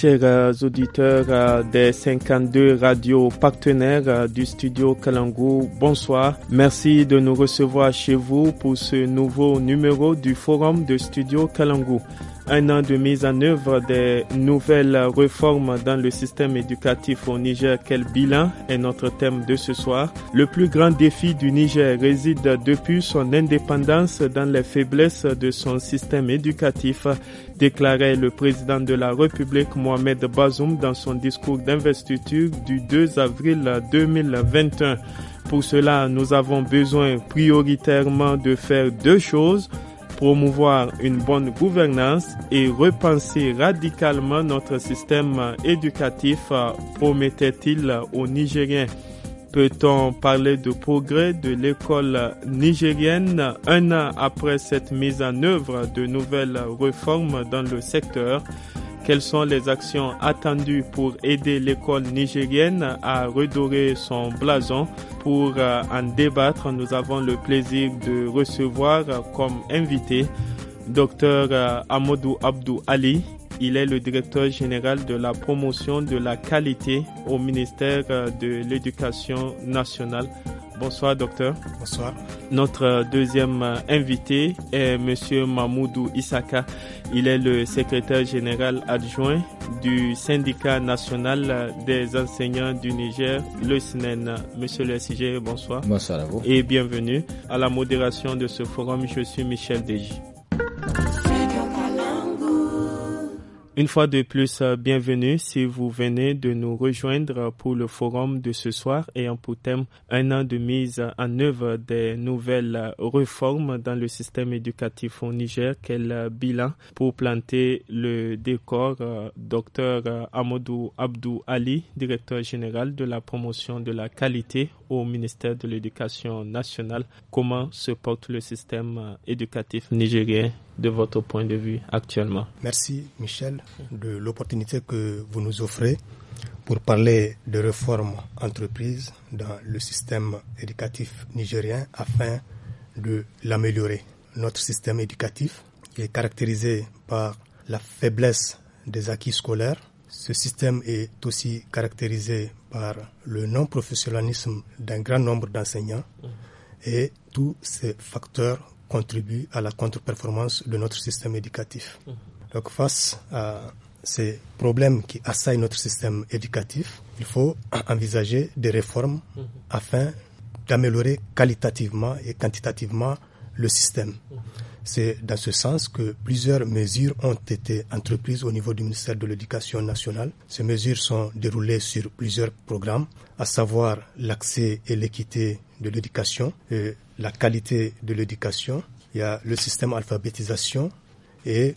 Chers euh, auditeurs euh, des 52 radios partenaires euh, du studio Kalangou, bonsoir. Merci de nous recevoir chez vous pour ce nouveau numéro du forum de studio Kalangou un an de mise en œuvre des nouvelles réformes dans le système éducatif au Niger, quel bilan est notre thème de ce soir Le plus grand défi du Niger réside depuis son indépendance dans les faiblesses de son système éducatif, déclarait le président de la République Mohamed Bazoum dans son discours d'investiture du 2 avril 2021. Pour cela, nous avons besoin prioritairement de faire deux choses promouvoir une bonne gouvernance et repenser radicalement notre système éducatif, promettait-il aux Nigériens. Peut-on parler de progrès de l'école nigérienne un an après cette mise en œuvre de nouvelles réformes dans le secteur Quelles sont les actions attendues pour aider l'école nigérienne à redorer son blason Pour euh, en débattre, nous avons le plaisir de recevoir comme invité Dr euh, Amadou Abdou Ali, il est le directeur général de la promotion de la qualité au ministère euh, de l'Éducation nationale. Bonsoir, docteur. Bonsoir. Notre euh, deuxième euh, invité est Monsieur Mamoudou Isaka. Il est le secrétaire général adjoint du syndicat national des enseignants du Niger, le SNEN. E monsieur le SIG, bonsoir. Bonsoir à vous. Et bienvenue à la modération de ce forum. Je suis Michel Deji. Une fois de plus, euh, bienvenue si vous venez de nous rejoindre pour le forum de ce soir et pour thème un an de mise en œuvre des nouvelles réformes dans le système éducatif au Niger. Quel euh, bilan pour planter le décor euh, Docteur Amadou Abdou Ali, directeur général de la promotion de la qualité au ministère de l'Éducation nationale. Comment se porte le système euh, éducatif nigérien de votre point de vue actuellement Merci Michel de l'opportunité que vous nous offrez pour parler de réformes entreprises dans le système éducatif nigérien afin de l'améliorer. Notre système éducatif est caractérisé par la faiblesse des acquis scolaires, ce système est aussi caractérisé par le non-professionnalisme d'un grand nombre d'enseignants mhm. et tous ces facteurs contribuent à la contre-performance de notre système éducatif. Mhm. Donc face à ces problèmes qui assaillent notre système éducatif, il faut envisager des réformes mhm. afin d'améliorer qualitativement et quantitativement le système. C'est dans ce sens que plusieurs mesures ont été entreprises au niveau du ministère de l'Éducation nationale. Ces mesures sont déroulées sur plusieurs programmes, à savoir l'accès et l'équité de l'éducation, euh, la qualité de l'éducation, il y a le système alphabétisation et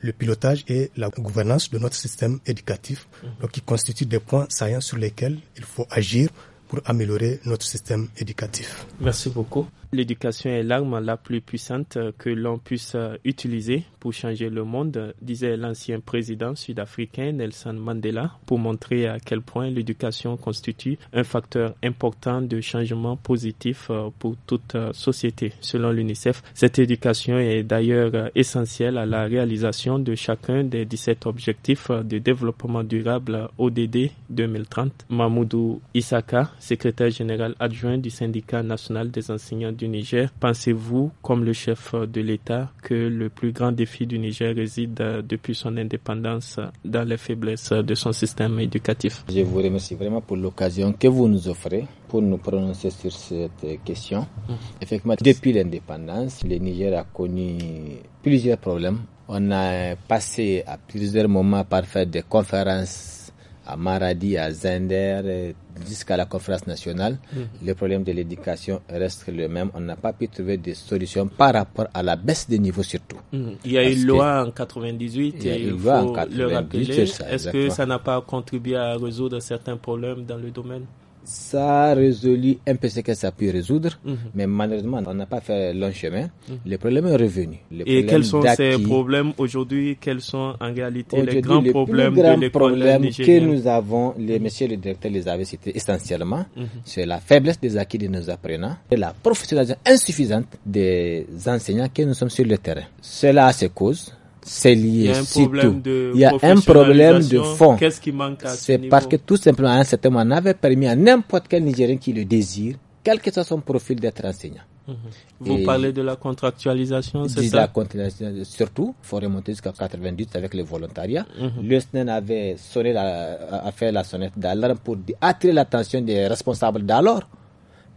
le pilotage et la gouvernance de notre système éducatif, mmh. donc qui constituent des points saillants sur lesquels il faut agir pour améliorer notre système éducatif. Merci beaucoup. L'éducation est l'arme la plus puissante que l'on puisse euh, utiliser pour changer le monde, disait l'ancien président sud-africain Nelson Mandela, pour montrer à quel point l'éducation constitue un facteur important de changement positif euh, pour toute euh, société. Selon l'UNICEF, cette éducation est d'ailleurs essentielle à la réalisation de chacun des 17 objectifs de développement durable ODD 2030. Mamoudou Isaka, secrétaire général adjoint du syndicat national des enseignants du Niger, pensez-vous, comme le chef de l'État, que le plus grand défi du Niger réside euh, depuis son indépendance euh, dans les faiblesses de son système éducatif Je vous remercie vraiment pour l'occasion que vous nous offrez pour nous prononcer sur cette question. Mm. Effectivement, depuis l'indépendance, le Niger a connu plusieurs problèmes. On a passé à plusieurs moments par faire des conférences à Maradi, à Zender, euh, jusqu'à la conférence nationale, mm. le problème de l'éducation reste le même. On n'a pas pu trouver des solutions par rapport à la baisse des niveaux surtout. Mm. Il y a une loi en 98 il y a et il le rappeler. Est-ce que ça n'a pas contribué à résoudre certains problèmes dans le domaine ça a résolu un peu ce que ça a pu résoudre, mhm. mais malheureusement, on n'a pas fait long chemin. Les mhm. problèmes Le problème est revenu. Et quels sont ces problèmes aujourd'hui Quels sont en réalité les grands le problèmes plus grand problème que nous avons, les messieurs le directeurs les avaient cités essentiellement, mhm. c'est la faiblesse des acquis de nos apprenants et la professionnalisation insuffisante des enseignants que nous sommes sur le terrain. Cela a ses causes c'est lié. Il y a un problème de, fond. Qu'est-ce qui manque C'est parce que tout simplement, un certain moment, on avait permis à n'importe quel Nigérien qui le désire, quel que soit son profil, d'être enseignant. Mhm. Vous parlez de la contractualisation, c'est ça surtout, il faut remonter jusqu'en 98 avec les volontariat. Mhm. Le SNEN avait sonné la, a fait la sonnette d'alarme pour attirer l'attention des responsables d'alors.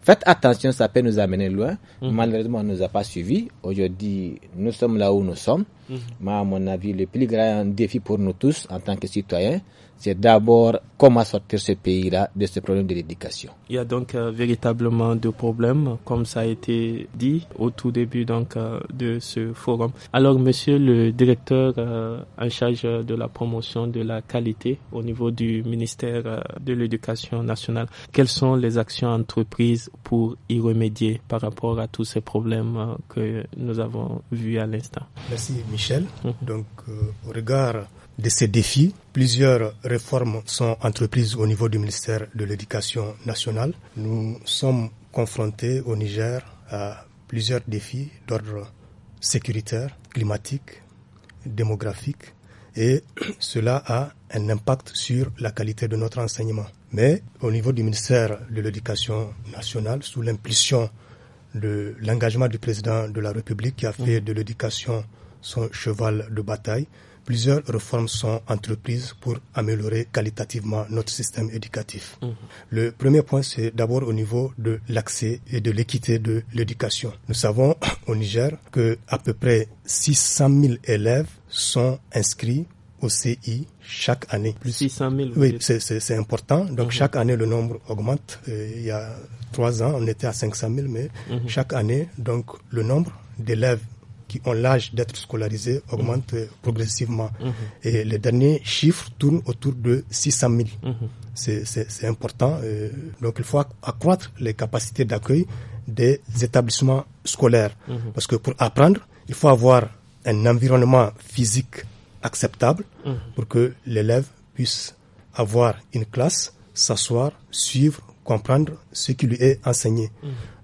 Faites attention, ça peut nous amener loin. Mhm. Malheureusement, on ne nous a pas suivis. Aujourd'hui, nous sommes là où nous sommes. Mm-hmm. Mais à mon avis, le plus grand défi pour nous tous en tant que citoyens, c'est d'abord comment sortir ce pays-là de ce problème de l'éducation. Il y a donc euh, véritablement deux problèmes, comme ça a été dit au tout début donc euh, de ce forum. Alors, monsieur le directeur euh, en charge de la promotion de la qualité au niveau du ministère de l'Éducation nationale, quelles sont les actions entreprises pour y remédier par rapport à tous ces problèmes que nous avons vus à l'instant Merci. Michel. Mmh. Donc, euh, au regard de ces défis, plusieurs réformes sont entreprises au niveau du ministère de l'Éducation nationale. Nous sommes confrontés au Niger à plusieurs défis d'ordre sécuritaire, climatique, démographique, et cela a un impact sur la qualité de notre enseignement. Mais au niveau du ministère de l'Éducation nationale, sous l'impulsion de l'engagement du président de la République qui a fait mmh. de l'éducation son cheval de bataille, plusieurs réformes sont entreprises pour améliorer qualitativement notre système éducatif. Mmh. Le premier point, c'est d'abord au niveau de l'accès et de l'équité de l'éducation. Nous savons au Niger que à peu près 600 000 élèves sont inscrits au CI chaque année. Plus 600 000. Oui, c'est important. Donc mmh. chaque année, le nombre augmente. Euh, il y a trois ans, on était à 500 000, mais mmh. chaque année, donc le nombre d'élèves qui ont l'âge d'être scolarisés mhm. augmente progressivement. Mhm. Et les derniers chiffres tournent autour de 600 000. Mhm. C'est important. Euh, donc il faut accroître les capacités d'accueil des établissements scolaires. Parce que pour apprendre, il faut avoir un environnement physique acceptable pour que l'élève puisse avoir une classe, s'asseoir, suivre, comprendre ce qui lui est enseigné.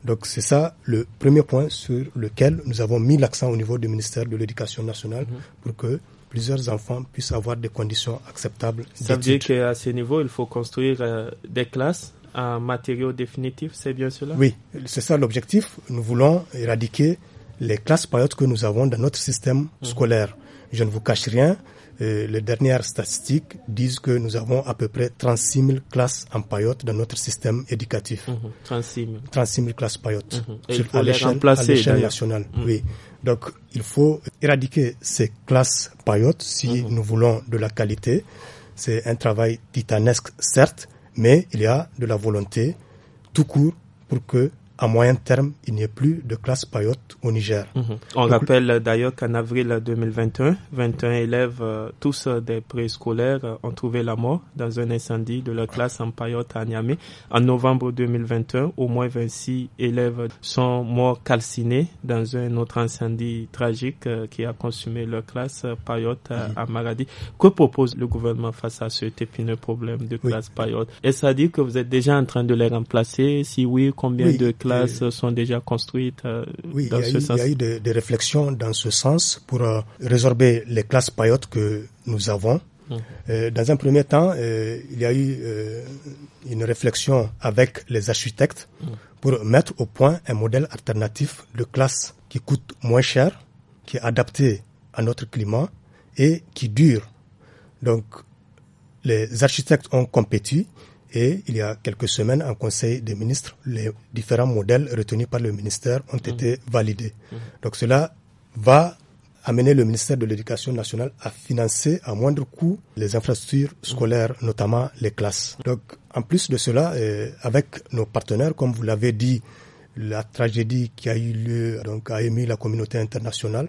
Donc c'est ça le premier point sur lequel nous avons mis l'accent au niveau du ministère de l'Éducation nationale mhm. pour que plusieurs enfants puissent avoir des conditions acceptables. Ça veut dire qu'à ce niveau, il faut construire euh, des classes en matériaux définitifs, c'est bien cela Oui, c'est ça l'objectif. Nous voulons éradiquer les classes payantes que nous avons dans notre système mhm. scolaire. Je ne vous cache rien, les dernières statistiques disent que nous avons à peu près 36 000 classes en paillote dans notre système éducatif. 36, 000. 36 000. classes paillotes. Mhm. Sur, à l'échelle nationale. Mhm. Oui. Donc, il faut éradiquer ces classes paillotes si mhm. nous voulons de la qualité. C'est un travail titanesque, certes, mais il y a de la volonté tout court pour que à moyen terme, il n'y ait plus de classe payote au Niger. Mhm. On rappelle d'ailleurs qu'en avril 2021, 21 élèves, euh, tous euh, des préscolaires, euh, ont trouvé la mort dans un incendie de leur classe en payote à Niamey. En novembre 2021, au moins 26 élèves sont morts calcinés dans un autre incendie tragique qui a consumé leur classe payote à Maradi. Que propose le gouvernement face à ce épineux problème de classe oui. payote Est-ce à dire que vous êtes déjà en train de les remplacer Si oui, combien de classes les sont déjà construites euh, oui, Il y a eu des, réflexions dans ce sens pour euh, résorber les classes payotes que nous avons. Mhm. Euh, dans un premier temps, il y a eu une réflexion avec les architectes mhm. pour mettre au point un modèle alternatif de classe qui coûte moins cher, qui est adapté à notre climat et qui dure. Donc, les architectes ont compétit et il y a quelques semaines, en Conseil des ministres, les différents modèles retenus par le ministère ont mmh. été validés. Mmh. Donc cela va amener le ministère de l'Éducation nationale à financer à moindre coût les infrastructures mmh. scolaires, notamment les classes. Donc en plus de cela, euh, avec nos partenaires, comme vous l'avez dit, la tragédie qui a eu lieu donc, a émis la communauté internationale.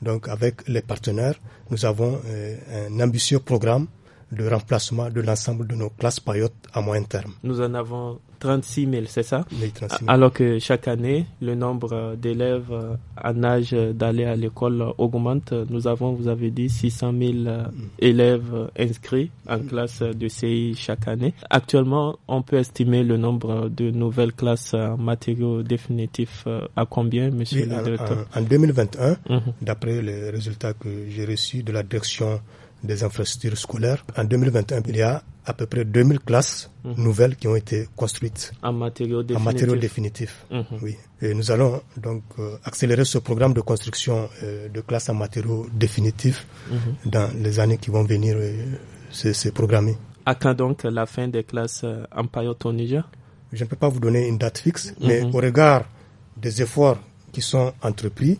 Donc avec les partenaires, nous avons euh, un ambitieux programme de remplacement de l'ensemble de nos classes payotes à moyen terme. Nous en avons 36 000, c'est ça oui, 36 Alors que chaque année, le nombre euh, d'élèves euh, en âge d'aller à l'école euh, augmente. Nous avons, vous avez dit, 600 000 mm. élèves inscrits en mm. classe de CI chaque année. Actuellement, on peut estimer le nombre de nouvelles classes en matériaux définitifs à combien, monsieur le directeur en, 2021, mm-hmm. d'après les résultats que j'ai reçus de la direction des infrastructures scolaires. En 2021, il y a à peu près 2000 classes mhm. nouvelles qui ont été construites en matériaux définitifs. matériaux mhm. oui. Et nous allons donc euh, accélérer ce programme de construction euh, de classes en matériaux définitifs mhm. dans les années qui vont venir. Euh, se programmer. À quand donc la fin des classes en période au Niger Je ne peux pas vous donner une date fixe, mais au regard des efforts qui sont entrepris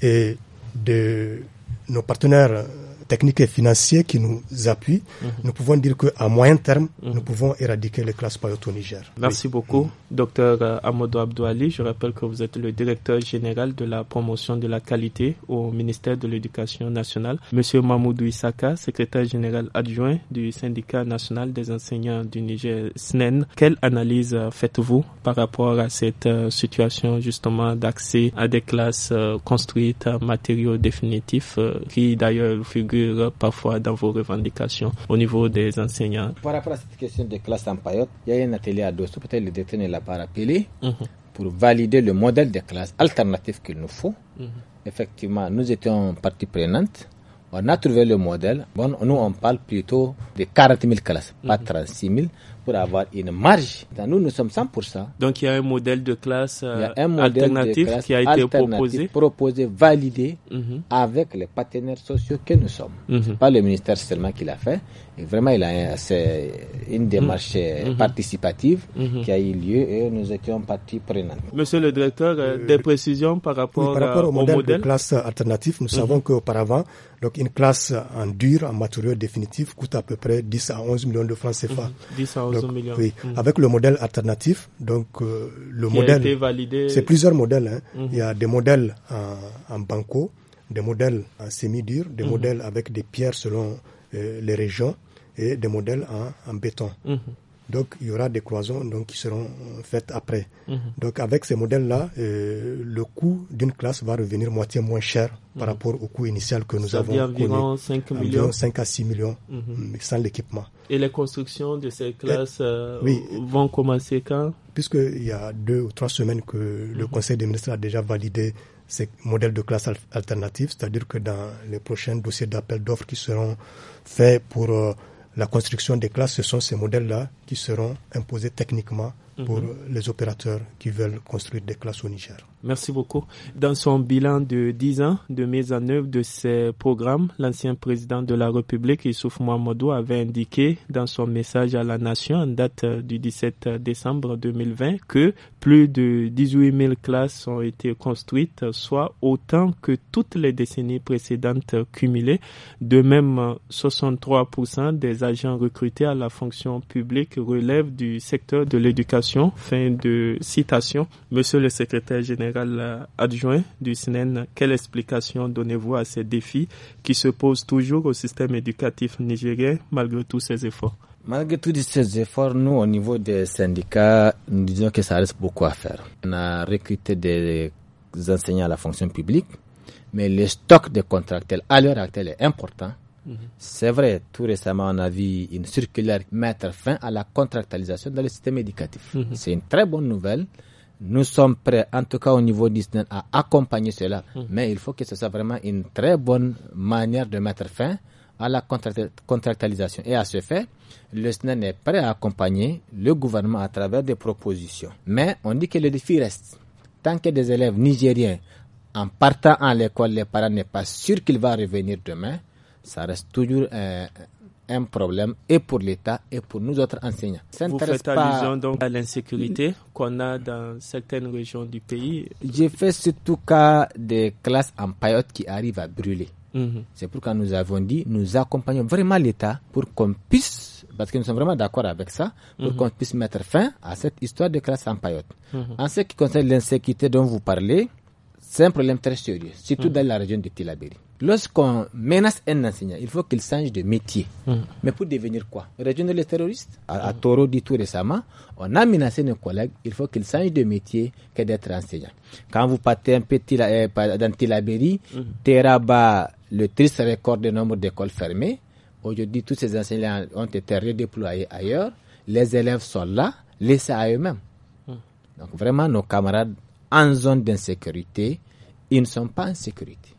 et de nos partenaires techniques et financiers qui nous appuient, mhm. nous pouvons dire qu'à moyen terme, mhm. nous pouvons éradiquer les classes payotes au Niger. Merci beaucoup, mm. docteur euh, Amodo Abdouali. Je rappelle que vous êtes le directeur général de la promotion de la qualité au ministère de l'Éducation nationale. Monsieur Mamoudou Issaka, secrétaire général adjoint du syndicat national des enseignants du Niger, SNEN. E Quelle analyse euh, faites-vous par rapport à cette euh, situation justement d'accès à des classes construites à matériaux définitifs qui d'ailleurs figurent parfois dans vos revendications au niveau des enseignants Par rapport à cette question des classes en payotte, il y a un atelier à Dosso, peut-être le détenir l'a pas rappelé, mhm. pour valider le modèle de classe alternatif qu'il nous faut. Mhm. Effectivement, nous étions partie prenante. On a trouvé le modèle. Bon, nous, on parle plutôt de 40 000 classes, pas 36 mhm. 000 pour avoir une marge. Nous, nous sommes 100%. Donc, il y a un modèle de classe euh, alternatif qui a été proposé. proposé, validé mhm. avec les partenaires sociaux que nous sommes. Ce mhm. n'est pas le ministère seulement qui l'a fait vraiment, il a c'est une démarche mhm. mhm. participative mhm. qui a eu lieu et nous étions partis prenants. Monsieur le directeur, euh, euh, des précisions par rapport, par rapport euh, au, modèle, modèle de classe alternative. Nous savons qu'auparavant, donc une classe en dur, en matériaux définitif, coûte à peu près 10 à 11 millions de francs CFA. 10 à 11 millions. Oui. Avec le modèle alternatif, donc le modèle, c'est plusieurs modèles. Hein. Il y a des modèles en, banco, des modèles en semi-dur, des modèles avec des pierres selon les régions et des modèles en, béton. Mhm. Donc, il y aura des cloisons donc, qui seront euh, faites après. Mhm. Donc, avec ces modèles-là, euh, le coût d'une classe va revenir moitié moins cher par mhm. rapport au coût initial que nous avons. Environ 5 millions. Environ 5 à 6 millions sans l'équipement. Et les constructions de ces classes euh, vont commencer quand Puisqu'il y a deux ou trois semaines que le Conseil des ministres a déjà validé ces modèles de classe alternatives, c'est-à-dire que dans les prochains dossiers d'appel d'offres qui seront faits pour la construction des classes, ce sont ces modèles-là qui seront imposés techniquement mhm. pour les opérateurs qui veulent construire des classes au Niger. Merci beaucoup. Dans son bilan de 10 ans de mise en œuvre de ces programmes, l'ancien président de la République, Issouf Mohamedou, avait indiqué dans son message à la nation en date euh, du 17 décembre 2020 que plus de 18 000 classes ont été construites, soit autant que toutes les décennies précédentes cumulées. De même, 63% des agents recrutés à la fonction publique relèvent du secteur de l'éducation. Fin de citation. Monsieur le secrétaire général adjoint du SNEN, e quelle explication donnez-vous à ces défis qui se posent toujours au système éducatif nigérien malgré tous ces efforts Malgré tous ces efforts, nous, au niveau des syndicats, nous disons que ça reste beaucoup à faire. On a recruté des enseignants à la fonction publique, mais le stock de contractuels à l'heure actuelle est important. Mhm. C'est vrai, tout récemment, on a vu une circulaire mettre fin à la contractualisation dans le système éducatif. Mhm. C'est une très bonne nouvelle. Nous sommes prêts, en tout cas au niveau Disney, à accompagner cela. Hmm. Mais il faut que ce soit vraiment une très bonne manière de mettre fin à la contractualisation. Et à ce fait, le SNEN e est prêt à accompagner le gouvernement à travers des propositions. Mais on dit que le défi reste. Tant que des élèves nigériens, en partant à l'école, les parents n'est pas sûr qu'ils vont revenir demain, ça reste toujours un. Euh, un problème et pour l'État et pour nous autres enseignants. Vous faites pas... donc à l'insécurité qu'on a dans certaines régions du pays. J'ai fait surtout cas des classes en paillotte qui arrivent à brûler. pour mhm. C'est pourquoi nous avons dit, nous accompagnons vraiment l'État pour qu'on puisse, parce que nous sommes vraiment d'accord avec ça, pour mhm. qu'on puisse mettre fin à cette histoire de classes en paillotte. Mhm. En ce qui concerne l'insécurité dont vous parlez, c'est un problème très sérieux, surtout dans la région de Tilabéry. Lorsqu'on menace un enseignant, il faut qu'il change de métier. Mm. Mais pour devenir quoi Rejoindre les terroristes à, Toro dit tout récemment, on a menacé nos collègues, il faut qu'ils changent de métier que d'être enseignant. Quand vous partez un petit euh, dans Tilaberi, mm. Teraba, le triste record de nombre d'écoles fermées, aujourd'hui tous ces enseignants ont été redéployés ailleurs, les élèves sont là, laissés à eux-mêmes. Mm. Donc vraiment, nos camarades en zone d'insécurité, ils ne sont pas en sécurité.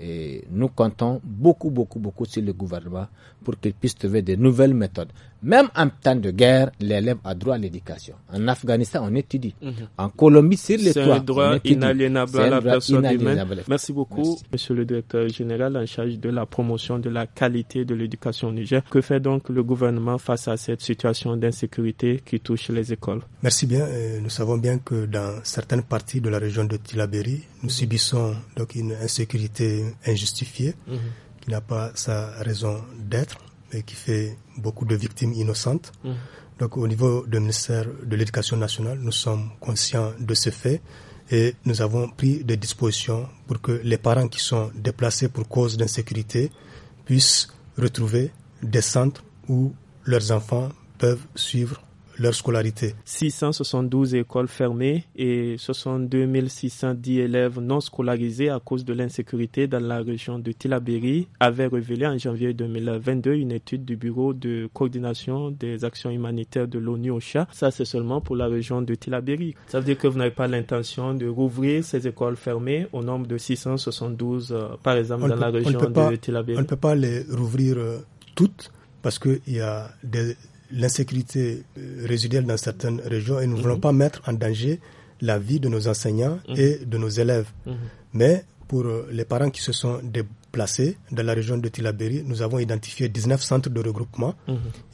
Et nous comptons beaucoup, beaucoup, beaucoup sur le gouvernement pour qu'il puisse trouver de nouvelles méthodes. Même en temps de guerre, l'élève a droit à l'éducation. En Afghanistan, on étudie. En Colombie, c'est le C'est un droit inaliénable à la personne humaine. Merci beaucoup, Monsieur le Directeur général en charge de la promotion de la qualité de l'éducation au Niger. Que fait donc le gouvernement face à cette situation d'insécurité qui touche les écoles Merci bien. Euh, nous savons bien que dans certaines parties de la région de Tilaberi, nous subissons donc une insécurité injustifiée mhm. qui n'a pas sa raison d'être et qui fait beaucoup de victimes innocentes. Mm. Donc au niveau du ministère de l'Éducation nationale, nous sommes conscients de ce fait et nous avons pris des dispositions pour que les parents qui sont déplacés pour cause d'insécurité puissent retrouver des centres où leurs enfants peuvent suivre leur scolarité. 672 écoles fermées et 62 610 élèves non scolarisés à cause de l'insécurité dans la région de Tilaberi avait révélé en janvier 2022 une étude du Bureau de coordination des actions humanitaires de l'ONU au Chat. Ça, c'est seulement pour la région de Tilaberi. Ça veut dire que vous n'avez pas l'intention de rouvrir ces écoles fermées au nombre de 672, euh, par exemple, dans la région de pas, Tilaberi. On ne peut pas les rouvrir euh, toutes parce qu'il y a des l'insécurité euh, résiduelle dans certaines régions et nous ne voulons mhm. pas mettre en danger la vie de nos enseignants mhm. et de nos élèves. Mhm. Mais pour euh, les parents qui se sont déplacés dans la région de Tilaberi, nous avons identifié 19 centres de regroupement.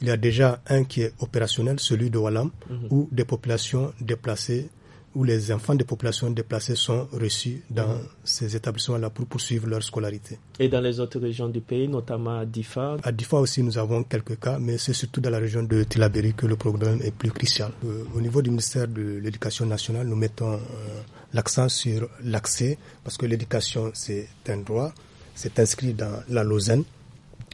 Il y a déjà un qui est opérationnel, celui de Walam, où des populations déplacées où les enfants des populations déplacées sont reçus dans ces établissements-là pour poursuivre leur scolarité. Et dans les autres régions du pays, notamment à Difa À Difa aussi, nous avons quelques cas, mais c'est surtout dans la région de Tilaberi que le problème est plus crucial. Euh, au niveau du ministère de l'Éducation nationale, nous mettons euh, l'accent sur l'accès, parce que l'éducation, c'est un droit, c'est inscrit dans la Lausanne,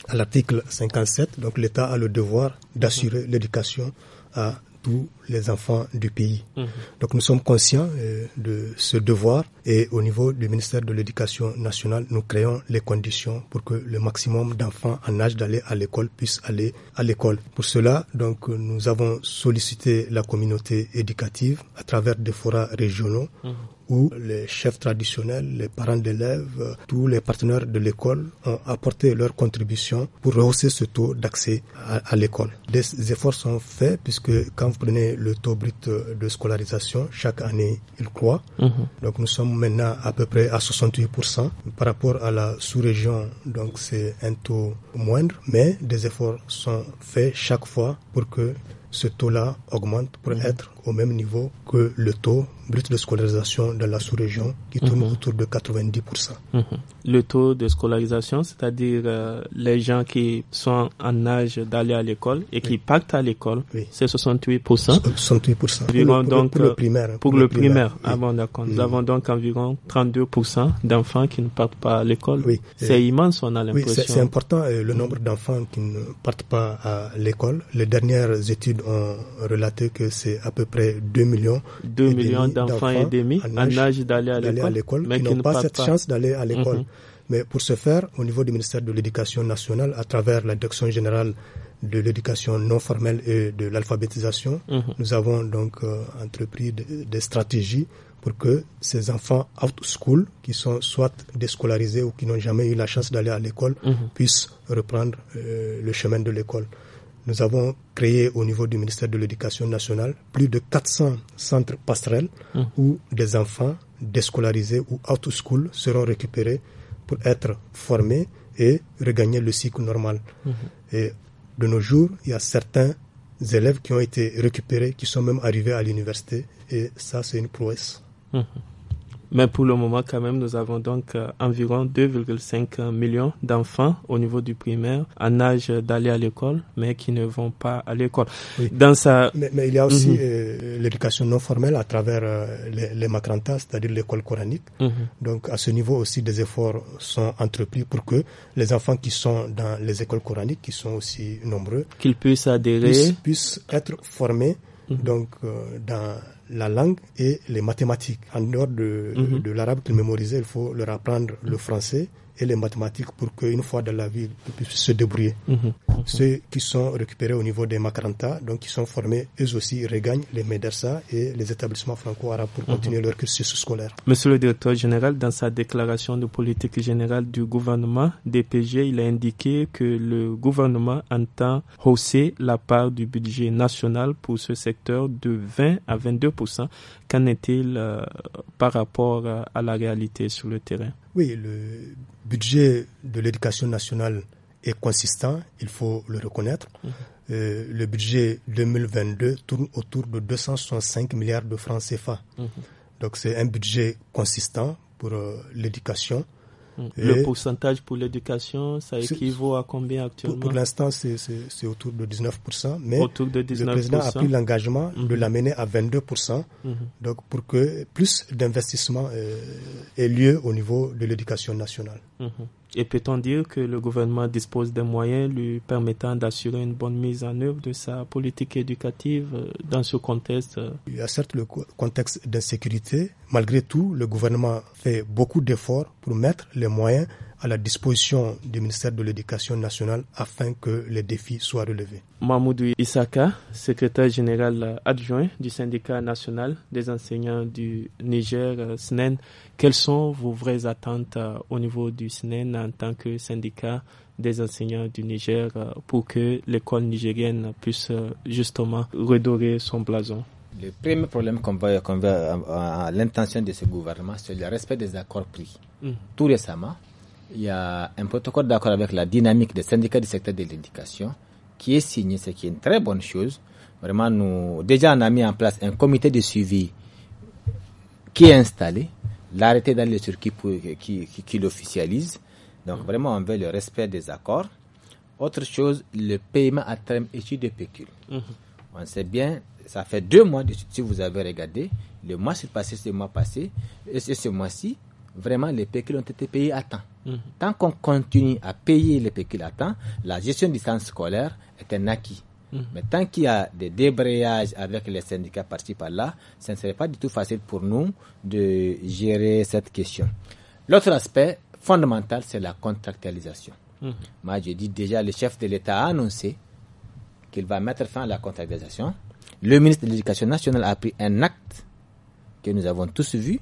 à l'article 57. Donc l'État a le devoir d'assurer l'éducation à tous les enfants du pays. Mhm. Donc nous sommes conscients euh, de ce devoir et au niveau du ministère de l'Éducation nationale, nous créons les conditions pour que le maximum d'enfants en âge d'aller à l'école puissent aller à l'école. Pour cela, donc nous avons sollicité la communauté éducative à travers des forats régionaux. Mhm. où les chefs traditionnels, les parents d'élèves, euh, tous les partenaires de l'école ont apporté leur contribution pour rehausser ce taux d'accès à, à l'école. Des efforts sont faits puisque quand vous prenez le taux brut de scolarisation. Chaque année, il croît. Mhm. Donc nous sommes maintenant à peu près à 68%. Par rapport à la sous-région, donc c'est un taux moindre, mais des efforts sont faits chaque fois pour que ce taux-là augmente pour mhm. être au même niveau que le taux brut de scolarisation dans la sous-région qui tourne mhm. autour de 90%. Mhm. Le taux de scolarisation, c'est-à-dire euh, les gens qui sont en âge d'aller à l'école et qui partent à l'école, c'est 68%. 68%. pour, le, donc, pour le euh, primaire. Pour, le, primaire, ah Nous mm. avons donc environ 32% d'enfants qui ne partent pas à l'école. C'est immense, on a l'impression. c'est important euh, le nombre d'enfants qui ne partent pas à l'école. Les dernières études ont relaté que c'est à peu près près 2 millions, d'enfants et demi en âge, d'aller à l'école, mais qui, n'ont pas cette chance d'aller à l'école. Mhm. Mais pour ce faire, au niveau du ministère de l'Éducation nationale, à travers la Direction générale de l'éducation non formelle et de l'alphabétisation, mhm. nous avons donc euh, entrepris des stratégies pour que ces enfants out school, qui sont soit déscolarisés ou qui n'ont jamais eu la chance d'aller à l'école, mhm. puissent reprendre euh, le chemin de l'école. Nous avons créé au niveau du ministère de l'Éducation nationale plus de 400 centres passerelles hum. où des enfants déscolarisés ou out of school seront récupérés pour être formés et regagner le cycle normal. Hum. Et de nos jours, il y a certains élèves qui ont été récupérés, qui sont même arrivés à l'université et ça, c'est une prouesse. Hum. Mais pour le moment, quand même, nous avons donc euh, environ 2,5 millions d'enfants au niveau du primaire en âge d'aller à l'école, mais qui ne vont pas à l'école. Dans sa... mais, il y a aussi mhm. euh, l'éducation non formelle à travers euh, les, les makrantas, c'est-à-dire l'école coranique. Mhm. Donc, à ce niveau aussi, des efforts sont entrepris pour que les enfants qui sont dans les écoles coraniques, qui sont aussi nombreux, qu'ils puissent adhérer, puissent, être formés mhm. donc dans la langue et les mathématiques. En dehors de, mhm. de l'arabe qu'ils mémorisait, il faut leur apprendre le français et les mathématiques pour qu'une fois dans la vie, ils puissent se débrouiller. Mhm. Mhm. Ceux qui sont récupérés au niveau des Macrantas donc qui sont formés, eux aussi regagnent les MEDERSA et les établissements franco-arabes pour mhm. continuer leur cursus scolaire. Monsieur le directeur général, dans sa déclaration de politique générale du gouvernement DPG, il a indiqué que le gouvernement entend hausser la part du budget national pour ce secteur de 20 à 22 Qu'en est-il euh, par rapport euh, à la réalité sur le terrain oui, le budget de l'éducation nationale est consistant, il faut le reconnaître. Mhm. Euh, le budget 2022 tourne autour de 265 milliards de francs CFA. Mhm. Donc c'est un budget consistant pour euh, l'éducation. Mm. le pourcentage pour l'éducation, ça équivaut à combien actuellement Pour, l'instant, c'est autour de 19%, mais le président a pris l'engagement de mm-hmm. l'amener à 22%, mm-hmm. donc pour que plus d'investissement euh, ait lieu au niveau de l'éducation nationale. Mm-hmm. Et peut-on dire que le gouvernement dispose des moyens lui permettant d'assurer une bonne mise en œuvre de sa politique éducative euh, dans ce contexte euh? Il y a certes le contexte d'insécurité. Malgré tout, le gouvernement fait beaucoup d'efforts pour mettre les moyens à la disposition du ministère de l'Éducation nationale afin que les défis soient relevés. Mahmoudou Isaka, secrétaire général adjoint du syndicat national des enseignants du Niger, euh, SNEN, quelles sont vos vraies attentes euh, au niveau du SNEN en tant que syndicat des enseignants du Niger euh, pour que l'école nigérienne puisse justement redorer son blason Le premier problème qu'on voit à, l'intention de ce gouvernement, c'est le respect des accords pris. Hum. Tout récemment, il y a un protocole d'accord avec la dynamique des syndicats du secteur de l'éducation qui est signé, ce qui est une très bonne chose. Vraiment, nous, déjà, on a mis en place un comité de suivi qui est installé, l'arrêté dans les Turquie qui, qui, l'officialise. Donc, vraiment, on veut le respect des accords. Autre chose, le paiement à terme issu de pécule. Mhm. On sait bien, ça fait deux mois, si vous avez regardé, le mois passé, ce mois passé, et ce mois-ci, vraiment les pécules ont été payés à temps. Mhm. Tant qu'on continue à payer les pécules à temps, la gestion du temps scolaire est un acquis. Mhm. Mais tant qu'il y a des débrayages avec les syndicats Partis par-là, ce ne serait pas du tout facile pour nous de gérer cette question. L'autre aspect fondamental, c'est la contractualisation. Mhm. Moi, je dis déjà, le chef de l'État a annoncé qu'il va mettre fin à la contractualisation. Le ministre de l'Éducation nationale a pris un acte que nous avons tous vu,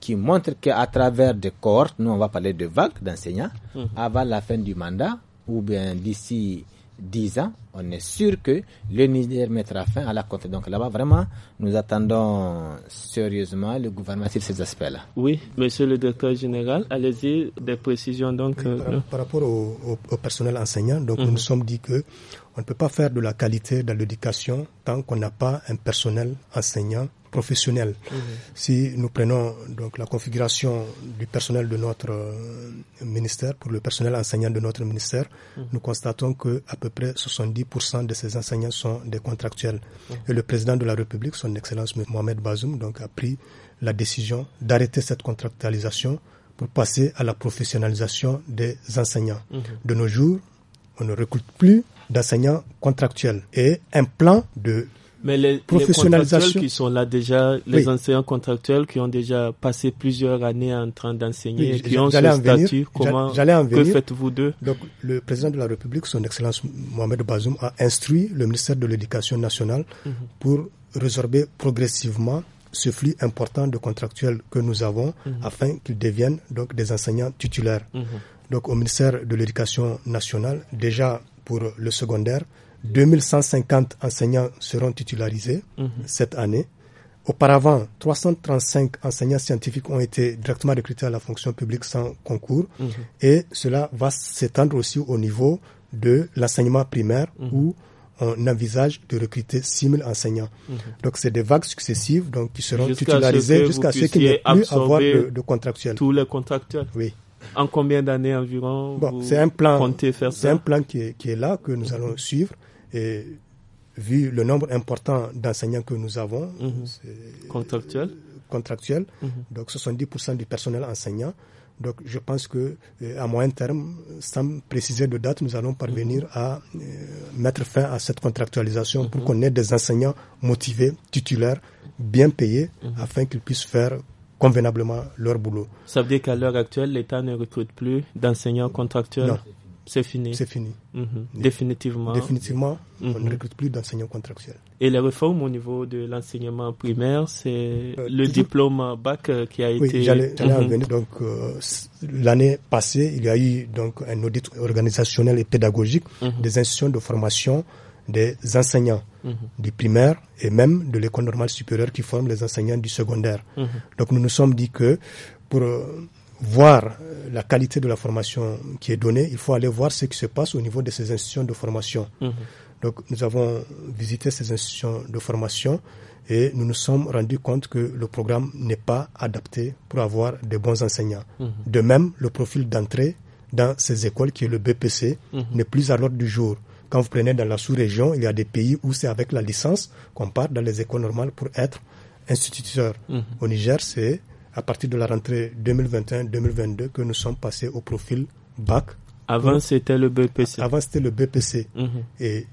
qui montre qu'à travers des cohortes, nous on va parler de vagues d'enseignants, mhm. avant la fin du mandat ou bien d'ici 10 ans, on est sûr que le ministère mettra fin à la conférence. Donc là-bas, vraiment, nous attendons sérieusement le gouvernement sur ces aspects-là. Oui, monsieur le directeur général, allez-y, des précisions donc. Euh, par, rapport au, personnel enseignant, donc nous nous mhm. sommes dit que on ne peut pas faire de la qualité dans l'éducation tant qu'on n'a pas un personnel enseignant professionnel. Mhm. Si nous prenons donc la configuration du personnel de notre euh, ministère, pour le personnel enseignant de notre ministère, mhm. nous constatons que à peu près 70% de ces enseignants sont des contractuels. Mhm. Et le président de la République, son Excellence Mohamed Bazoum, donc a pris la décision d'arrêter cette contractualisation pour passer à la professionnalisation des enseignants. De nos jours, on ne recrute plus d'enseignants contractuels et un plan de mais les, contractuels qui sont là déjà, les enseignants contractuels qui ont déjà passé plusieurs années en train d'enseigner, qui ont ce statut, comment, que faites-vous d'eux Donc, le président de la République, son Excellence Mohamed Bazoum, a instruit le ministère de l'Éducation nationale mhm. pour résorber progressivement ce flux important de contractuels que nous avons mhm. afin qu'ils deviennent donc des enseignants titulaires. Mhm. Donc, au ministère de l'Éducation nationale, déjà pour le secondaire, 2150 enseignants seront titularisés mhm. cette année. Auparavant, 335 enseignants scientifiques ont été directement recrutés à la fonction publique sans concours mhm. et cela va s'étendre aussi au niveau de l'enseignement primaire mhm. où on envisage de recruter 6000 enseignants. Donc, c'est des vagues successives donc, qui seront titularisées jusqu'à ce qu'il n'y ait plus avoir de, de, Tous les contractuels Oui. En combien d'années environ bon, un plan, C'est un plan qui est là, que nous allons suivre. Et vu le nombre important d'enseignants que nous avons, mhm. contractuels, contractuels, contractuel, mhm. donc 70% du personnel enseignant, donc je pense que euh, à moyen terme, sans préciser de date, nous allons parvenir mhm. à euh, mettre fin à cette contractualisation pour qu'on ait des enseignants motivés, titulaires, bien payés, afin qu'ils puissent faire convenablement leur boulot. Ça veut dire qu'à l'heure actuelle, l'État ne recrute plus d'enseignants contractuels c'est fini. C'est fini. Mhm. Définitivement. Définitivement, on mhm. ne recrute plus d'enseignants contractuels. Et les réformes au niveau de l'enseignement primaire, c'est euh, le diplôme bac euh, qui a été. J'allais mhm. Donc euh, l'année passée, il y a eu donc un audit organisationnel et pédagogique des institutions de formation des enseignants du primaire et même de l'école normale supérieure qui forme les enseignants du secondaire. Donc nous nous sommes dit que pour voir euh, la qualité de la formation qui est donnée, il faut aller voir ce qui se passe au niveau de ces institutions de formation. Mhm. Donc nous avons visité ces institutions de formation et nous nous sommes rendus compte que le programme n'est pas adapté pour avoir de bons enseignants. Mhm. De même, le profil d'entrée dans ces écoles, qui est le BPC, mhm. n'est plus à l'ordre du jour. Quand vous prenez dans la sous-région, il y a des pays où c'est avec la licence qu'on part dans les écoles normales pour être instituteur. Au Niger, c'est à partir de la rentrée 2021-2022 que nous sommes passés au profil BAC. Avant, c'était le BPC. Avant, c'était le BPC. Mhm. Et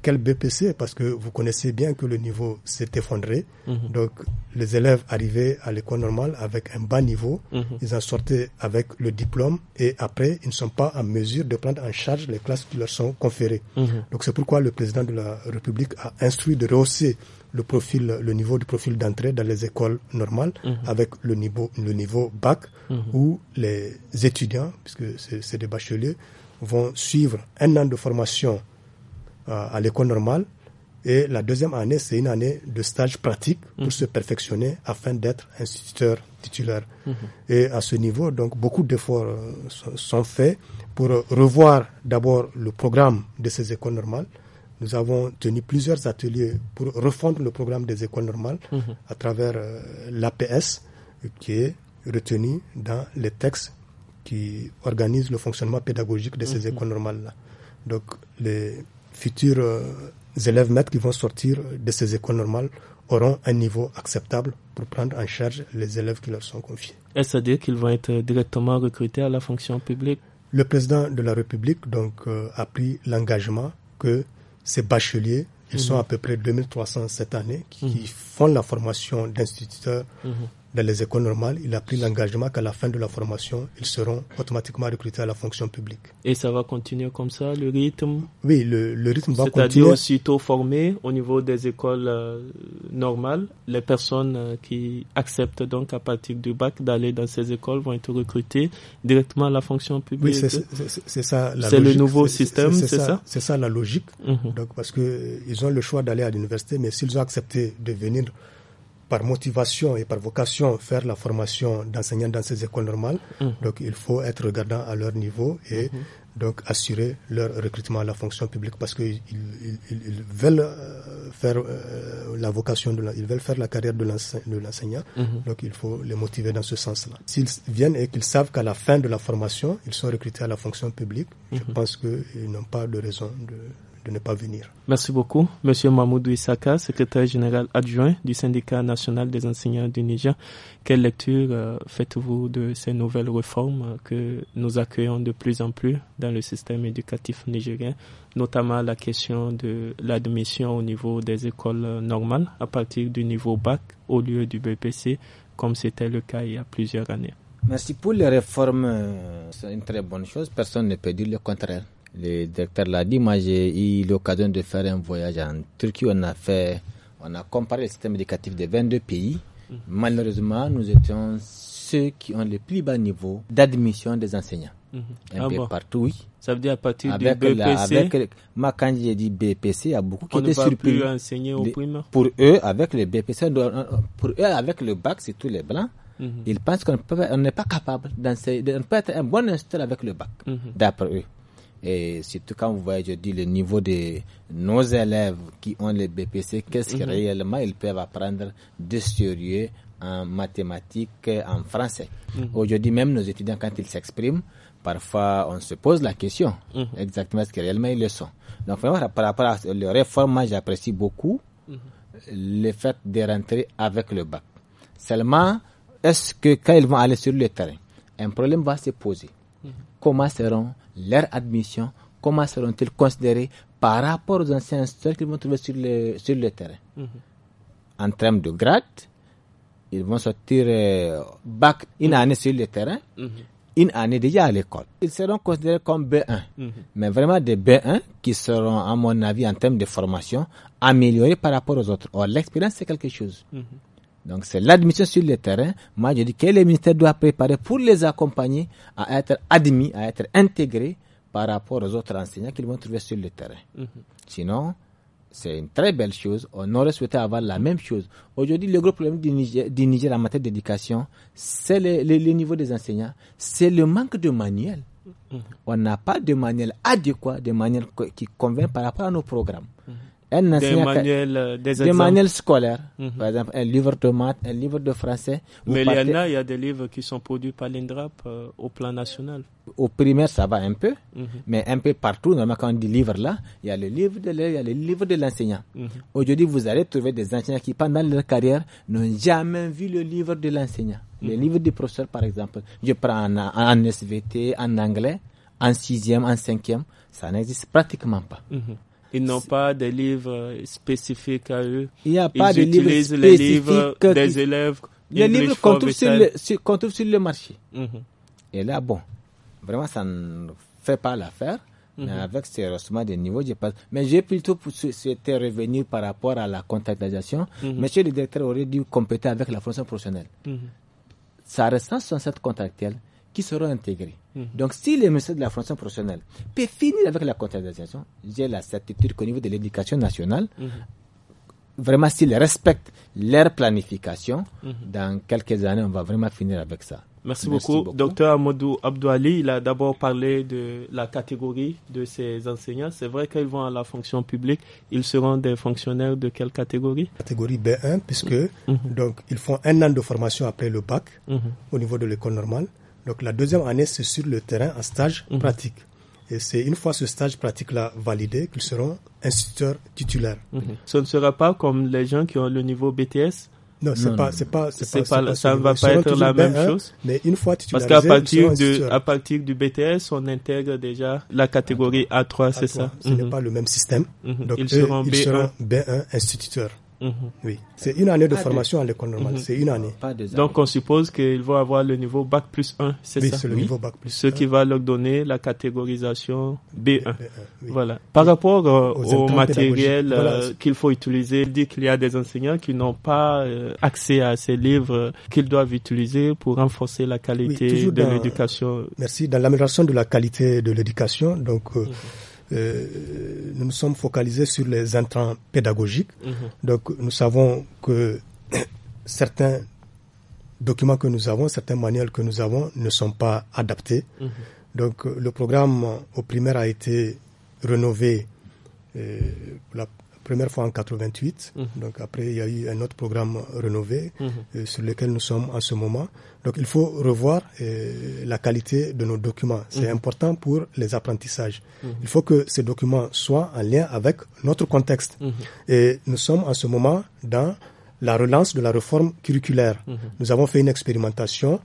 quel BPC Parce que vous connaissez bien que le niveau s'est effondré. Mhm. Donc, les élèves arrivaient à l'école normale avec un bas niveau. Mhm. Ils en sortaient avec le diplôme et après, ils ne sont pas en mesure de prendre en charge les classes qui leur sont conférées. Donc, c'est pourquoi le président de la République a instruit de rehausser le profil, le niveau du profil d'entrée dans les écoles normales mhm. avec le niveau, le niveau bac mhm. où les étudiants, puisque c'est des bacheliers, vont suivre un an de formation euh, à l'école normale et la deuxième année, c'est une année de stage pratique pour mhm. se perfectionner afin d'être instituteur titulaire. Et à ce niveau, donc, beaucoup d'efforts euh, sont faits pour revoir d'abord le programme de ces écoles normales, nous avons tenu plusieurs ateliers pour refondre le programme des écoles normales mhm. à travers euh, l'APS qui est retenu dans les textes qui organisent le fonctionnement pédagogique de ces mhm. écoles normales-là. Donc les futurs euh, élèves maîtres qui vont sortir de ces écoles normales auront un niveau acceptable pour prendre en charge les élèves qui leur sont confiés. Est-ce à dire qu'ils vont être directement recrutés à la fonction publique Le président de la République donc, euh, a pris l'engagement que ces bacheliers, ils mhm. sont à peu près 2300 cette année, qui, mhm. font la formation d'instituteurs mhm les écoles normales, il a pris l'engagement qu'à la fin de la formation, ils seront automatiquement recrutés à la fonction publique. Et ça va continuer comme ça, le rythme Oui, le, rythme va continuer. C'est-à-dire aussitôt formés au niveau des écoles euh, normales, les personnes euh, qui acceptent donc à partir du bac d'aller dans ces écoles vont être recrutées directement à la fonction publique. Oui, c'est ça. C'est le nouveau système, c'est ça C'est ça la logique. Mhm. donc, parce qu'ils euh, ils ont le choix d'aller à l'université, mais s'ils ont accepté de venir par motivation et par vocation faire la formation d'enseignants dans ces écoles normales. Mm. Donc il faut être regardant à leur niveau et mm-hmm. donc assurer leur recrutement à la fonction publique parce qu'ils ils, veulent euh, faire euh, la vocation, de la, ils veulent faire la carrière de l'enseignant. Mm-hmm. Donc il faut les motiver dans ce sens-là. S'ils viennent et qu'ils savent qu'à la fin de la formation, ils sont recrutés à la fonction publique, je mm-hmm. pense qu'ils n'ont pas de raison de ne pas venir. Merci beaucoup. Monsieur Mamoudou Issaka, secrétaire général adjoint du syndicat national des enseignants du Niger. Quelle lecture euh, faites-vous de ces nouvelles réformes que nous accueillons de plus en plus dans le système éducatif nigérien, notamment la question de l'admission au niveau des écoles normales à partir du niveau bac au lieu du BPC, comme c'était le cas il y a plusieurs années? Merci pour les réformes. Euh, c'est une très bonne chose. Personne ne peut dire le contraire le directeur l'a dit, moi j'ai eu l'occasion de faire un voyage en Turquie. On a fait, on a comparé le système éducatif de 22 pays. Mhm. Malheureusement, nous étions ceux qui ont le plus bas niveau d'admission des enseignants. Mhm. Un ah peu partout, oui. Ça veut dire à partir de du BPC la, avec, Moi, quand j'ai dit BPC, il y a beaucoup qui étaient surpris. au primaire Pour eux, avec le BPC, pour eux, avec le bac, c'est tous les blancs. Mhm. Ils pensent qu'on n'est pas capable d'enseigner, on peut être un bon instituteur avec le bac, d'après eux. Et surtout quand vous voyez, je dis, le niveau de nos élèves qui ont le BPC, qu'est-ce qu'ils mhm. réellement ils peuvent apprendre de sérieux en mathématiques, en français. Mhm. Aujourd'hui, même nos étudiants, quand ils s'expriment, parfois on se pose la question mhm. exactement ce que réellement ils le sont. Donc, par rapport à la réforme, j'apprécie beaucoup le fait de rentrer avec le bac. Seulement, est-ce que quand ils vont aller sur le terrain, un problème va se poser comment seront leur admission, comment seront-ils considérés par rapport aux anciens instructeurs qu'ils vont trouver sur le, sur le terrain. Mhm. En termes de grade, ils vont sortir euh, bac une mhm. année sur le terrain, mhm. une année déjà à l'école. Ils seront considérés comme B1, mais vraiment des B1 qui seront, à mon avis, en termes de formation, améliorés par rapport aux autres. Or, l'expérience, c'est quelque chose. Donc c'est l'admission sur le terrain. Moi, je dis que les ministère doivent préparer pour les accompagner à être admis, à être intégrés par rapport aux autres enseignants qu'ils vont trouver sur le terrain. Mhm. Sinon, c'est une très belle chose. On aurait souhaité avoir la même chose. Aujourd'hui, le gros problème du Niger, en matière d'éducation, c'est le, niveau des enseignants, c'est le manque de manuels. Mhm. On n'a pas de manuels adéquats, de manuels qui conviennent par rapport à nos programmes. Mhm un des manuels, euh, des, des manuels scolaires. Mhm. Par exemple, un livre de maths, un livre de français. Mais il y en a, il y a des livres qui sont produits par l'INDRAP euh, au plan national. Au primaire, ça va un peu. Mhm. Mais un peu partout, normalement, quand on dit livre là, il y a le livre de il y a le livre de l'enseignant. Mhm. Aujourd'hui, vous allez trouver des enseignants qui, pendant leur carrière, n'ont jamais vu le livre de l'enseignant. Le livre du professeur, par exemple. Je prends en, en SVT, en anglais, en sixième, en cinquième. Ça n'existe pratiquement pas. Ils n'ont pas de livres spécifiques à eux. Il n'y a pas Ils de livres spécifiques. les livres des élèves. Les livres qu'on trouve, sur le, marché. Mhm. Et là, bon, vraiment, ça ne fait pas l'affaire. Mais mhm. avec ces ressources de niveau, je pas. Mais j'ai plutôt souhaité revenir par rapport à la contractualisation. Mhm. Monsieur le directeur aurait dû compéter avec la fonction professionnelle. Ça reste cette contractuelle qui seront intégrés. Mhm. Donc, si les ministère de la fonction professionnelle peut finir avec la contractualisation, j'ai la certitude qu'au niveau de l'éducation nationale, mhm. vraiment, s'ils respectent leur planification, mhm. dans quelques années, on va vraiment finir avec ça. Merci, beaucoup. Docteur Amadou Abdouali, il a d'abord parlé de la catégorie de ses enseignants. C'est vrai qu'ils vont à la fonction publique. Ils seront des fonctionnaires de quelle catégorie Catégorie B1, puisque donc ils font un an de formation après le bac au niveau de l'école normale. Donc la deuxième année, c'est sur le terrain en stage mhm. pratique. Et c'est une fois ce stage pratique-là validé qu'ils seront instituteurs titulaires. Mhm. Mhm. Ce ne sera pas comme les gens qui ont le niveau BTS non, c'est pas, pas, ça ne va pas être la même chose. Mais une fois Parce qu'à partir du, à partir du BTS, on intègre déjà la catégorie A3, c'est ça. Ce n'est pas le même système. Donc, ils, seront B1 instituteurs. Mhm. Oui, c'est une année de formation à l'école normale, mhm. c'est une année. Donc on suppose qu'ils vont avoir le niveau Bac plus 1, c'est oui, c'est le niveau Bac plus Ce qui va leur donner la catégorisation B1. Voilà. Par rapport euh, aux au matériel euh, qu'il faut utiliser, il dit qu'il y a des enseignants qui n'ont pas euh, accès à ces livres qu'ils doivent utiliser pour renforcer la qualité de l'éducation. Merci. Dans l'amélioration de la qualité de l'éducation, donc... Mhm. Euh, nous nous sommes focalisés sur les intrants pédagogiques. Mhm. Donc, nous savons que certains documents que nous avons, certains manuels que nous avons ne sont pas adaptés. Mhm. Donc, le programme au primaire a été rénové euh, la première fois en 88. Mhm. Donc, après, il y a eu un autre programme rénové euh, sur lequel nous sommes en ce moment. Donc il faut revoir euh, la qualité de nos documents. C'est mhm. important pour les apprentissages. Mhm. Il faut que ces documents soient en lien avec notre contexte. Mhm. Et nous sommes en ce moment dans la relance de la réforme curriculaire. Nous avons fait une expérimentation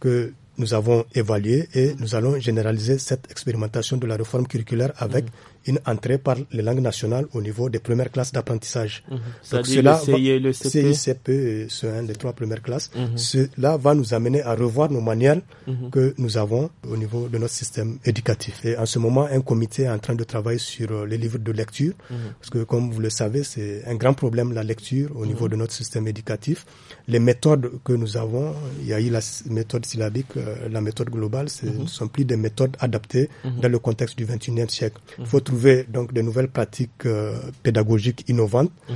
que nous avons évaluée et nous allons généraliser cette expérimentation de la réforme curriculaire avec une entrée par les langues nationales au niveau des premières classes d'apprentissage. cest mhm. Donc cela le, CIE, le CP. CICP, e, c'est un des trois premières classes. Mhm. Cela va nous amener à revoir nos manières mhm. que nous avons au niveau de notre système éducatif. Et en ce moment, un comité est en train de travailler sur euh, les livres de lecture, parce que comme vous le savez, c'est un grand problème la lecture au niveau de notre système éducatif. Les méthodes que nous avons, il y a eu la méthode syllabique, euh, la méthode globale, ce ne sont plus des méthodes adaptées dans le contexte du 21e siècle. Faut donc de nouvelles pratiques euh, pédagogiques innovantes mhm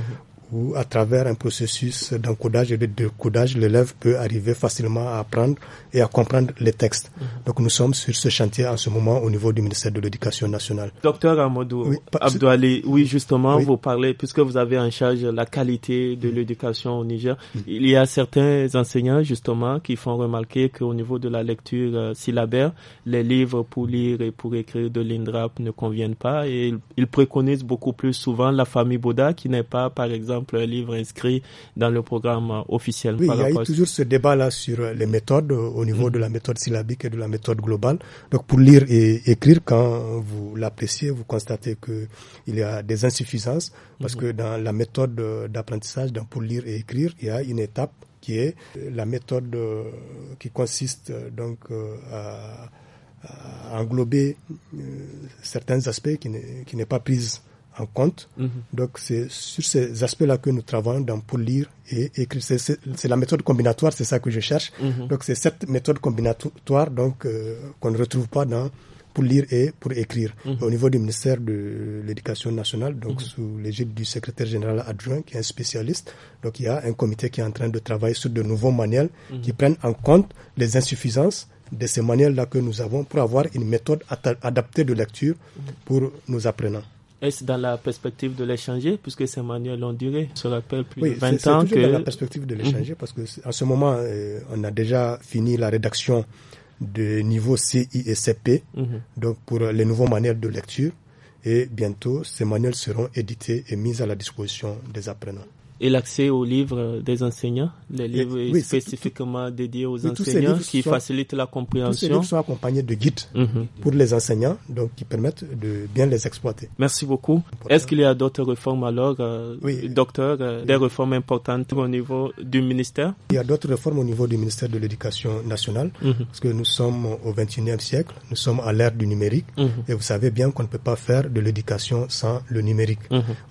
où à travers un processus d'encodage et de décodage, l'élève peut arriver facilement à apprendre et à comprendre les textes. Mhm. Donc nous sommes sur ce chantier en ce moment au niveau du ministère de l'Éducation nationale. Docteur Amadou oui, Abdouali, oui justement, vous parlez, puisque vous avez en charge la qualité de mhm. l'éducation au Niger, mhm. il y a certains enseignants justement qui font remarquer qu'au niveau de la lecture euh, syllabaire, les livres pour lire et pour écrire de l'INDRAP ne conviennent pas et ils, préconisent beaucoup plus souvent la famille Bouddha qui n'est pas par exemple exemple, livre inscrit dans le programme euh, officiel. Oui, il y a toujours ce débat-là sur euh, les méthodes, euh, au niveau mm. de la méthode syllabique et de la méthode globale. Donc, pour lire et écrire, quand vous l'appréciez, vous constatez qu'il y a des insuffisances, parce mm-hmm. que dans la méthode d'apprentissage, pour lire et écrire, il y a une étape qui est la méthode qui consiste donc à englober certains aspects qui n'est pas prise en compte. Mhm. Donc c'est sur ces aspects-là que nous travaillons dans, pour lire et écrire. C'est la méthode combinatoire, c'est ça que je cherche. Mhm. Donc c'est cette méthode combinatoire donc euh, qu'on ne retrouve pas dans pour lire et pour écrire mhm. au niveau du ministère de l'Éducation nationale, donc sous l'égide du secrétaire général adjoint qui est un spécialiste. Donc il y a un comité qui est en train de travailler sur de nouveaux manuels qui prennent en compte les insuffisances de ces manuels-là que nous avons pour avoir une méthode adaptée de lecture pour nos apprenants. Est-ce dans la perspective de l'échanger, puisque ces manuels ont duré, se rappelle plus de 20 ans que... dans la perspective de l'échanger, parce que en ce moment, euh, on a déjà fini la rédaction de niveau CI et CP, mhm. donc pour les nouveaux manuels de lecture, et bientôt, ces manuels seront édités et mis à la disposition des apprenants et l'accès aux livres des enseignants, les livres spécifiquement dédiés aux enseignants qui facilitent la compréhension. Tous ces livres sont accompagnés de guides mhm. pour les enseignants, donc qui permettent de bien les exploiter. Merci beaucoup. Est-ce qu'il y a d'autres réformes alors, euh, oui, docteur, euh, des réformes importantes au niveau du ministère Il y a d'autres réformes au niveau du ministère de l'Éducation nationale, mhm. parce que nous sommes au 21e siècle, nous sommes à l'ère du numérique, mhm. et vous savez bien qu'on ne peut pas faire de l'éducation sans le numérique.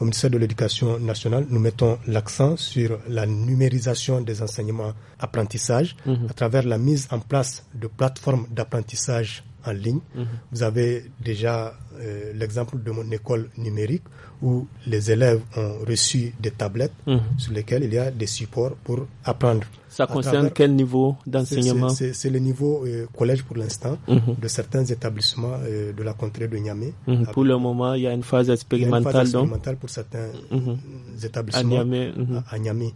Au ministère de l'Éducation nationale, nous mettons la accent sur la numérisation des enseignements apprentissage mhm. à travers la mise en place de plateformes d'apprentissage en ligne. Mhm. Vous avez déjà euh, l'exemple de mon école numérique où les élèves ont reçu des tablettes mhm. sur lesquelles il y a des supports pour apprendre. Ça concerne quel niveau d'enseignement C'est le niveau euh, collège pour l'instant mhm. de certains établissements euh, de la contrée de Niamey. Mhm. Pour le moment, il y a une phase expérimentale. une phase expérimentale pour certains établissements à Niamey,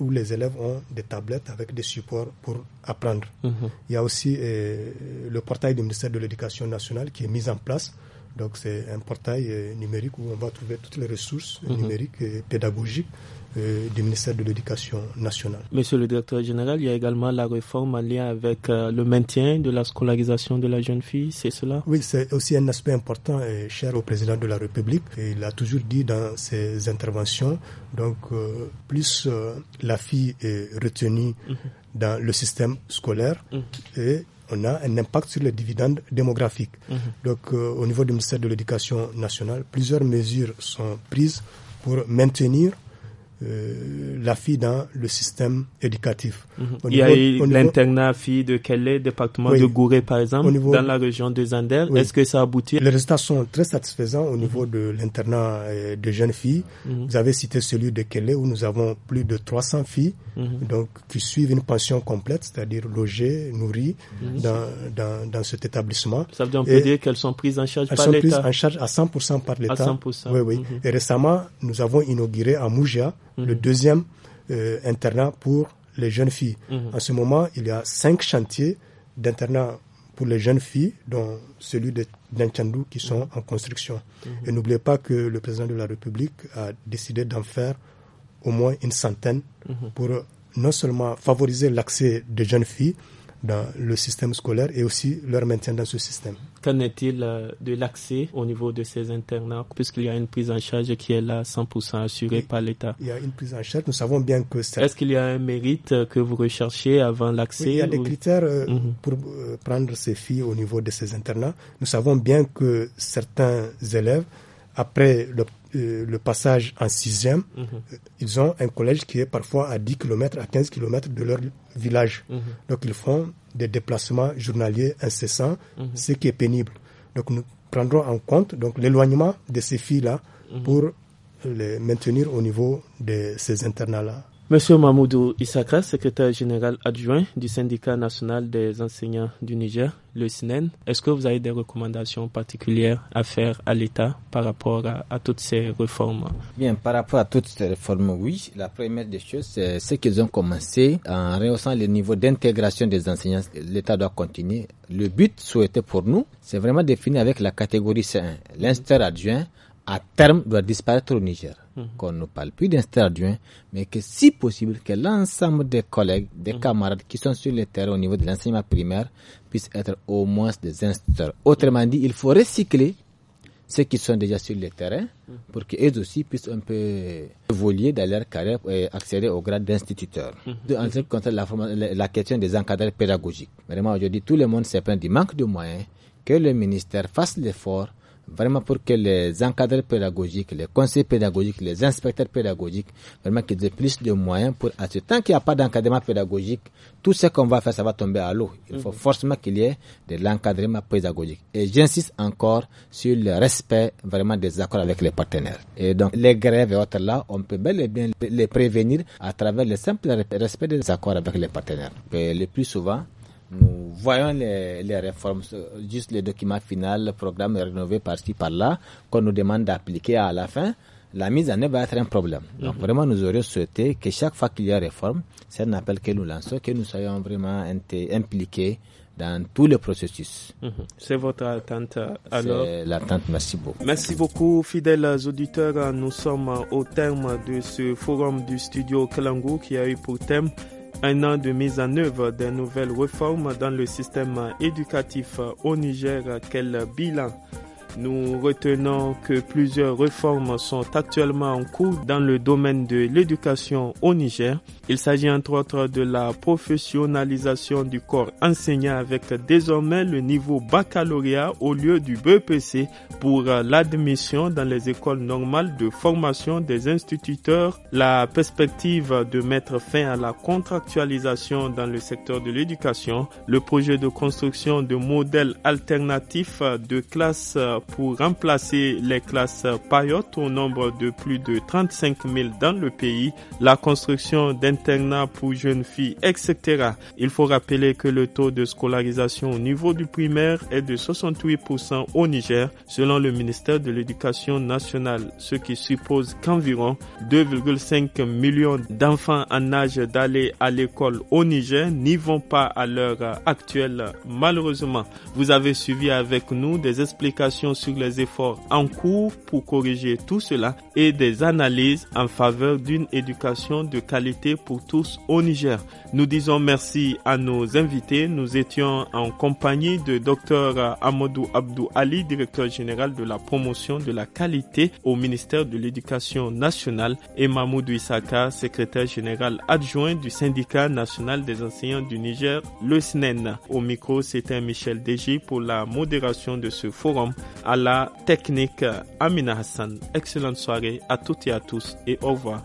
où les élèves ont des tablettes avec des supports pour apprendre. Il y a aussi euh, le portail du ministère de l'Éducation nationale qui est mis en place donc c'est un portail euh, numérique où on va trouver toutes les ressources mhm. numériques et pédagogiques euh, du ministère de l'Éducation nationale. Monsieur le directeur général, il y a également la réforme en lien avec euh, le maintien de la scolarisation de la jeune fille, c'est cela Oui, c'est aussi un aspect important et cher au président de la République. il a toujours dit dans ses interventions, donc plus la fille est retenue mhm. dans le système scolaire mhm. et on a un impact sur les dividendes démographiques. Mhm. Donc, euh, au niveau du ministère de l'Éducation nationale, plusieurs mesures sont prises pour maintenir euh, la fille dans le système éducatif. Mhm. Il y a eu l'internat fille de Kelly, département de Gouré par exemple, dans la région de Zander. Est-ce que ça aboutit Les résultats sont très satisfaisants au mhm. niveau de l'internat euh, de jeunes filles. Mhm. Vous avez cité celui de Kelly où nous avons plus de 300 filles donc, qui suivent une pension complète, c'est-à-dire logées, nourries dans, dans, cet établissement. Ça veut dire, qu'elles sont prises en charge par l'État Elles sont prises en charge à 100% par l'État. Oui, oui. Et récemment, nous avons inauguré à Mougia Mm-hmm. le deuxième euh, internat pour les jeunes filles. Mm-hmm. En ce moment, il y a cinq chantiers d'internat pour les jeunes filles, dont celui de Nanchandou qui sont mm-hmm. en construction. Et n'oubliez pas que le président de la République a décidé d'en faire au moins une centaine pour euh, non seulement favoriser l'accès des jeunes filles, dans le système scolaire et aussi leur maintien dans ce système. Qu'en est-il euh, de l'accès au niveau de ces internats, puisqu'il y a une prise en charge qui est là 100% assurée par l'État Il y a une prise en charge, nous savons bien que c'est... Est-ce qu'il y a un mérite euh, que vous recherchez avant l'accès Il y a des critères euh, mhm. pour prendre ces filles au niveau de ces internats. Nous savons bien que certains élèves, après euh, le passage en sixième, mhm. ils ont un collège qui est parfois à 10 km, à 15 km de leur village. Mhm. Donc ils font des déplacements journaliers incessants, mhm. ce qui est pénible. Donc nous prendrons en compte donc l'éloignement de ces filles-là pour les maintenir au niveau de ces internats-là. Monsieur Mahmoudou Issakra, secrétaire général adjoint du syndicat national des enseignants du Niger, le SNEN, est-ce que vous avez des recommandations particulières à faire à l'État par rapport à, toutes ces réformes Bien, par rapport à toutes ces réformes, oui. La première des choses, c'est ce qu'ils ont commencé en rehaussant le niveau d'intégration des enseignants. L'État doit continuer. Le but souhaité pour nous, c'est vraiment défini avec la catégorie C1, l'instar adjoint à terme, doit disparaître au Niger. Mhm. Qu'on ne parle plus d'un mais que si possible, que l'ensemble des collègues, des mhm. camarades qui sont sur le terrain au niveau de l'enseignement primaire puissent être au moins des instituteurs. Autrement dit, il faut recycler ceux qui sont déjà sur le terrain mhm. pour qu'ils aussi puissent un peu évoluer dans leur carrière et accéder au grade d'instituteur. Ensuite, En ce qui concerne la, la question des encadrés pédagogiques, vraiment aujourd'hui, tout le monde s'est plaint du manque de moyens, que le ministère fasse l'effort vraiment pour que les encadreurs pédagogiques, les conseils pédagogiques, les inspecteurs pédagogiques, vraiment qu'ils aient plus de moyens pour assurer. Tant qu'il n'y a pas d'encadrement pédagogique, tout ce qu'on va faire, ça va tomber à l'eau. Il faut mhm. forcément qu'il y ait de l'encadrement pédagogique. Et j'insiste encore sur le respect vraiment des accords avec les partenaires. Et donc, les grèves et autres là, on peut bel et bien les prévenir à travers le simple respect des accords avec les partenaires. Et le plus souvent, nous voyons les, les, réformes, euh, juste les documents finaux, le programme rénové par-ci, par-là, qu'on nous demande d'appliquer à la fin, la mise en œuvre va être un problème. Donc mhm. vraiment, nous aurions souhaité que chaque fois qu'il y a réforme, c'est un appel que nous lançons, que nous soyons vraiment impliqués dans tout le processus. Mhm. C'est votre attente alors l'attente, merci beaucoup. Merci beaucoup, fidèles auditeurs. Nous sommes au terme de ce forum du studio Kalangu qui a eu pour thème un an de mise en œuvre des nouvelles réformes dans le système éducatif au Niger, quel bilan nous retenons que plusieurs réformes sont actuellement en cours dans le domaine de l'éducation au Niger. Il s'agit entre autres de la professionnalisation du corps enseignant avec désormais le niveau baccalauréat au lieu du BPC pour l'admission dans les écoles normales de formation des instituteurs, la perspective de mettre fin à la contractualisation dans le secteur de l'éducation, le projet de construction de modèles alternatifs de classes pour remplacer les classes payotes au nombre de plus de 35 000 dans le pays, la construction d'internats pour jeunes filles, etc. Il faut rappeler que le taux de scolarisation au niveau du primaire est de 68% au Niger, selon le ministère de l'Éducation nationale, ce qui suppose qu'environ 2,5 millions d'enfants en âge d'aller à l'école au Niger n'y vont pas à l'heure actuelle, malheureusement. Vous avez suivi avec nous des explications sur les efforts en cours pour corriger tout cela et des analyses en faveur d'une éducation de qualité pour tous au Niger. Nous disons merci à nos invités. Nous étions en compagnie de Dr Amadou Abdou Ali, directeur général de la promotion de la qualité au ministère de l'Éducation nationale et Mahmoud Issaka, secrétaire général adjoint du syndicat national des enseignants du Niger, le SNEN. E au micro, c'était Michel Deji pour la modération de ce forum à la technique Amina Hassan. Excellente soirée à toutes et à tous et au revoir.